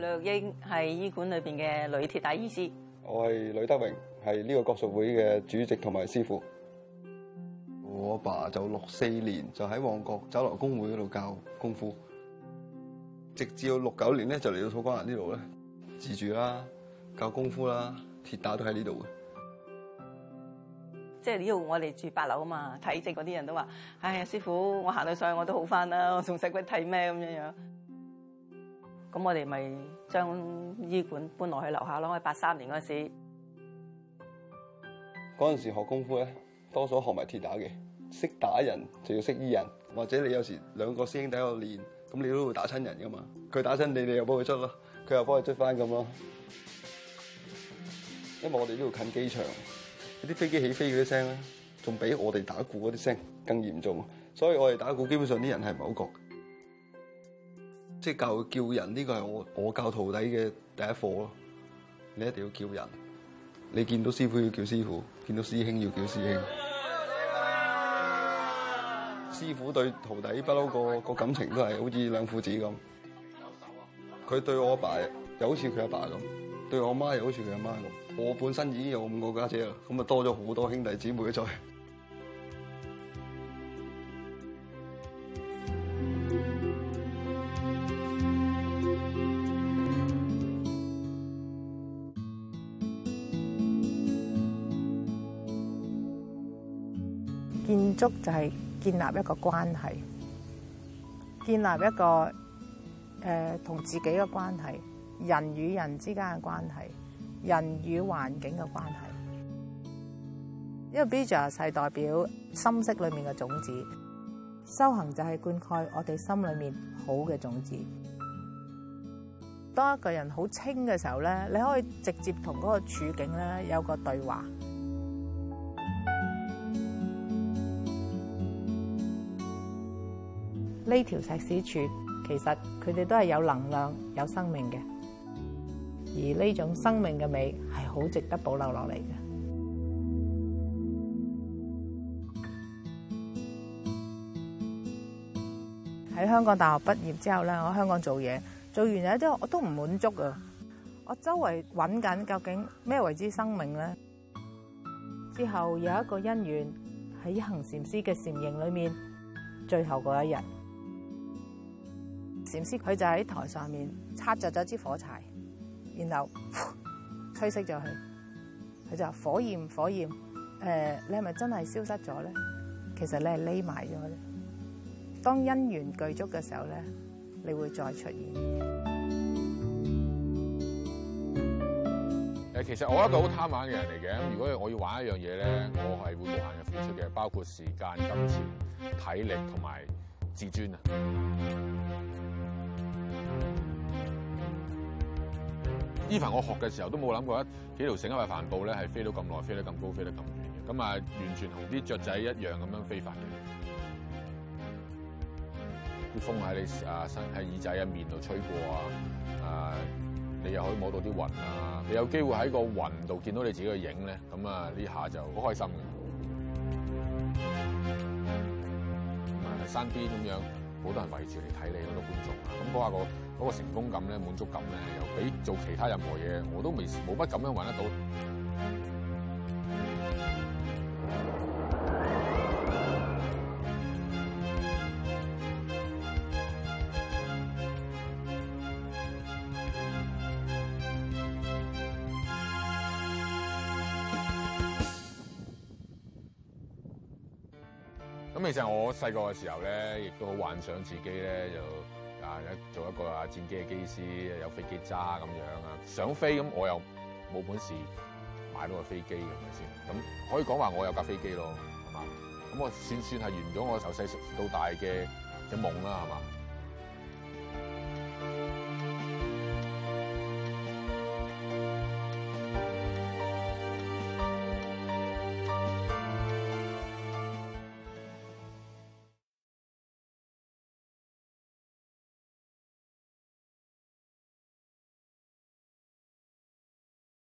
呂玉英係醫館裏邊嘅女鐵打醫師，我係呂德榮，係呢個國術會嘅主席同埋師傅。我阿爸就六四年就喺旺角酒樓工會嗰度教功夫，直至到六九年咧就嚟到土瓜灣呢度咧自住啦，教功夫啦，鐵打都喺呢度嘅。即係呢度我哋住八樓啊嘛，睇症嗰啲人都話：，唉、哎，師傅，我行到上去我都好翻啦，我仲使鬼睇咩咁樣樣。咁我哋咪將醫館搬落去樓下咯。喺八三年嗰陣時，嗰陣時學功夫咧，多數學埋鐵打嘅，識打人就要識醫人。或者你有時兩個師兄弟喺度練，咁你都會打親人噶嘛。佢打親你，你又幫佢捽咯；佢又幫你捽翻咁咯。因為我哋呢度近機場，啲飛機起飛嗰啲聲咧，仲比我哋打鼓嗰啲聲更嚴重。所以我哋打鼓基本上啲人係唔係好覺。即係教叫人，呢個係我，我教徒弟嘅第一課咯，你一定要叫人，你見到師傅要叫師傅，見到師兄要叫師兄。師傅、啊、對徒弟不嬲個個感情都係好似兩父子咁。佢對我阿爸又好似佢阿爸咁，對我媽又好似佢阿媽咁。我本身已經有五個家姐啦，咁啊多咗好多兄弟姊妹在。建築就係建立一個關係，建立一個誒、呃、同自己嘅關係，人與人之間嘅關係，人與環境嘅關係。 因為 B 柱係代表心識裏面嘅種子，修行就係灌溉我哋心裏面好嘅種子。當一個人好清嘅時候咧，你可以直接同嗰個處境咧有個對話。呢條石屎柱，其實佢哋都係有能量、有生命嘅。而呢種生命嘅美，係好值得保留落嚟嘅。喺香港大學畢業之後咧，我喺香港做嘢，做完嘢都我都唔滿足啊！我周圍揾緊，究竟咩為之生命咧？之後有一個因緣喺一行禪師嘅禪營裏面，最後嗰一日。閃師，佢就喺台上面插着咗支火柴，然後、呃、吹熄咗佢。佢就話：火焰，火焰，誒、呃，你係咪真係消失咗咧？其實你係匿埋咗咧。當因緣具足嘅時候咧，你會再出現。誒，其實我一個好貪玩嘅人嚟嘅。如果我要玩一樣嘢咧，我係會無限嘅付出嘅，包括時間、金錢、體力同埋自尊啊。依份我學嘅時候都冇諗過，一幾條繩，一塊帆布咧，係飛到咁耐，飛得咁高，飛得咁遠嘅，咁啊完全同啲雀仔一樣咁樣飛法嘅。啲風喺你啊身喺耳仔一面度吹過啊，誒你又可以摸到啲雲啊，你有機會喺個雲度見到你自己嘅影咧，咁啊呢下就好開心嘅、啊。山邊咁樣好多人圍住嚟睇你嗰度、嗰個、觀眾啊，咁講下我。嗰個成功感咧，滿足感咧，又比做其他任何嘢，我都未冇乜咁樣搵得到。咁其實我細個嘅時候咧，亦都好幻想自己咧就啊，做一個啊戰機嘅機師，有飛機揸咁樣啊，想飛，咁我又冇本事買到個飛機嘅，係咪先？咁可以講話我有架飛機咯，係嘛？咁我算算係完咗我由細到大嘅嘅夢啦，係嘛？